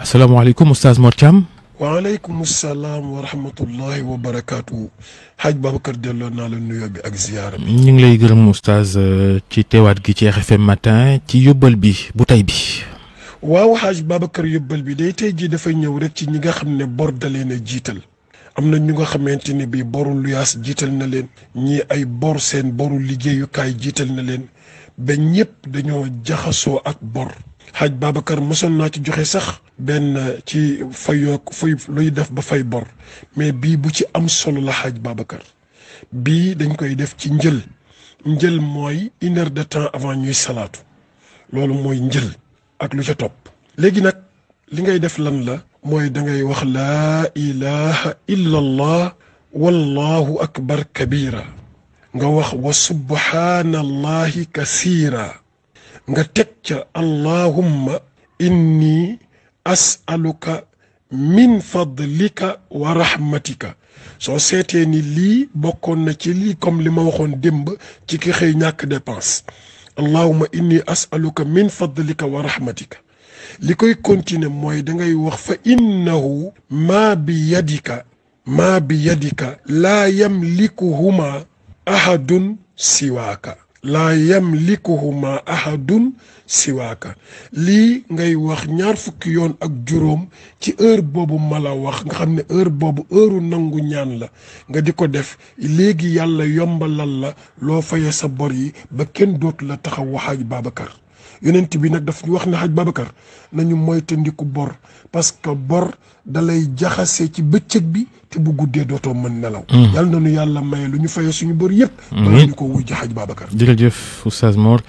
السلام عليكم استاذ مرتم وعليكم السلام ورحمه الله وبركاته حاج بابكر دلونا له نوي بي اك زياره ني نغي غرم استاذ تي تيوات غي تي اف ماتان تي يوبال بي بو تاي بي واو حاج بكر يوبال بي دي تي جي دا فاي نيو ريك تي نيغا خامني بور دالينا جيتال امنا نيغا خامنتيني بي بورو لياس جيتل نالين ني اي بور سين بورو ليجيو كاي جيتل نالين با نييب دانيو جاخاسو ات بور حاج بابكر مسن نا تي جوخي صاح بن تي فايوك فاي لوي داف با فاي بور مي بي بو تي ام سولو لا حاج بابكر بي دنجكاي داف تي نجل نجل موي انر دو تان افون ني صلاتو لولو موي نجل اك لو تي توب لغي نك لي غاي داف لان لا موي داغي واخ لا اله الا الله والله اكبر كبيرا nga wax wa subhanallahi kasira nga teg ca allahumma inni asaluka min fadlika wa rahmatika soo seetee ni lii bokkoon na ci lii comme li ma waxoon démb ci ki xëy ñàkk dépense allahumma inni asaluka min fadlika wa rahmatika li koy continuer mooy dangay wax fa innahu ma bi yadika maa bi yadika laa yamlikuhuma ahadun siwaaka laa yamlikuhuma ahadun siwaaka lii ngay wax ñaar fukki yoon ak juróom ci heure boobu ma la wax nga xam ne heure boobu heure nangu ñaan la nga di ko def léegi yàlla yombalal la loo faye sa bor yi ba kenn dootu la taxaw wax ak Babacar yeneent bi nag daf ñu wax ne xaj Babacar nañu moytandiku bor parce que bor dalay jaxase ci bëccëg bi te bu guddee dootoo mën nelaw hmm. yàlla na nu yàlla maye lu ñu faye suñu bor yëpp hmm. balaa ñu ko wujj xaj Babacar jërëjëf Oustaz Mor